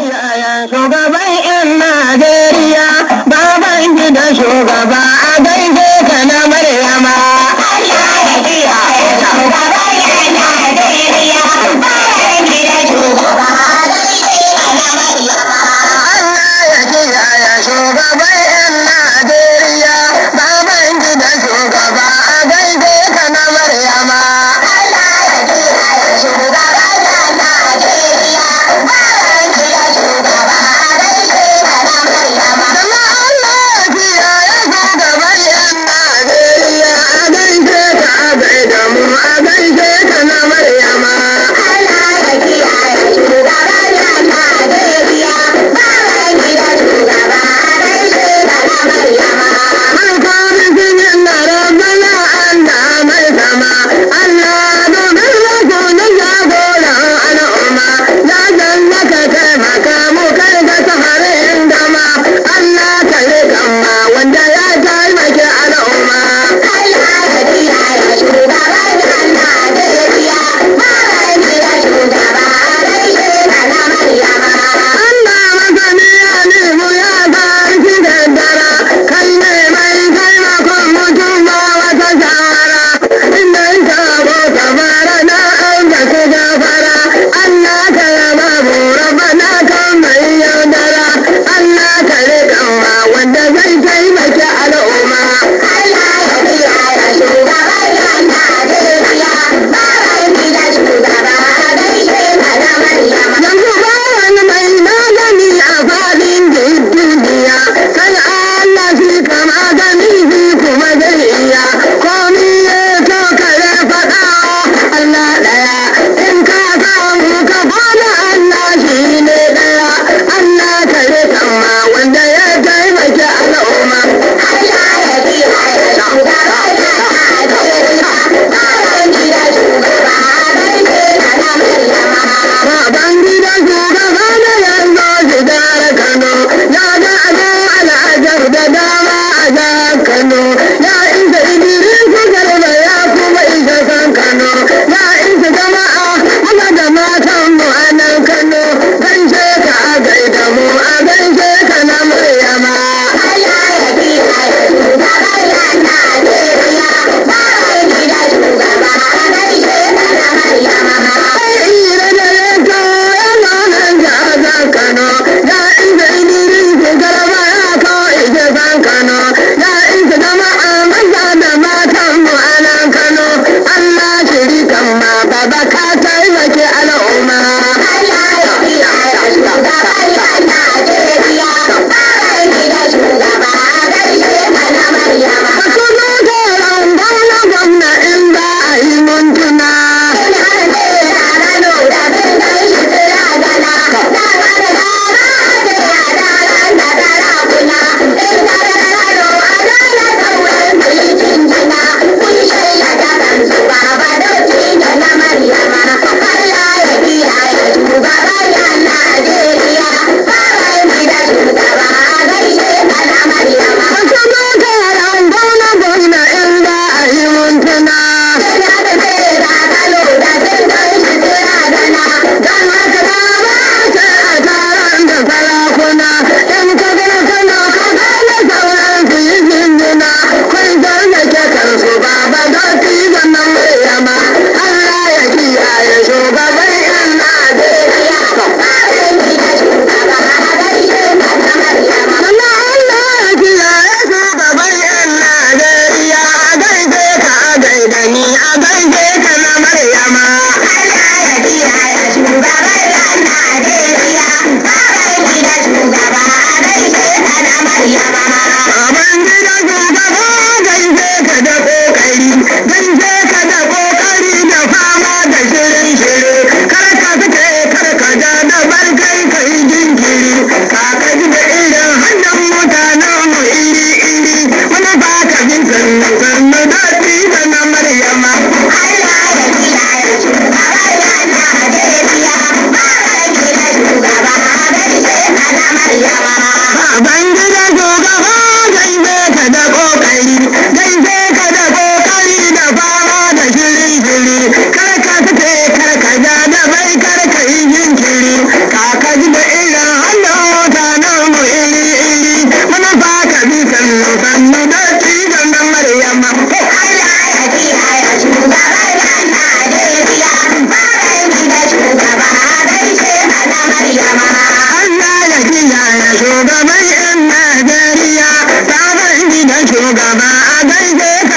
Najeriya shugaban 'yan Najeriya baban gida shugaba लगाई गए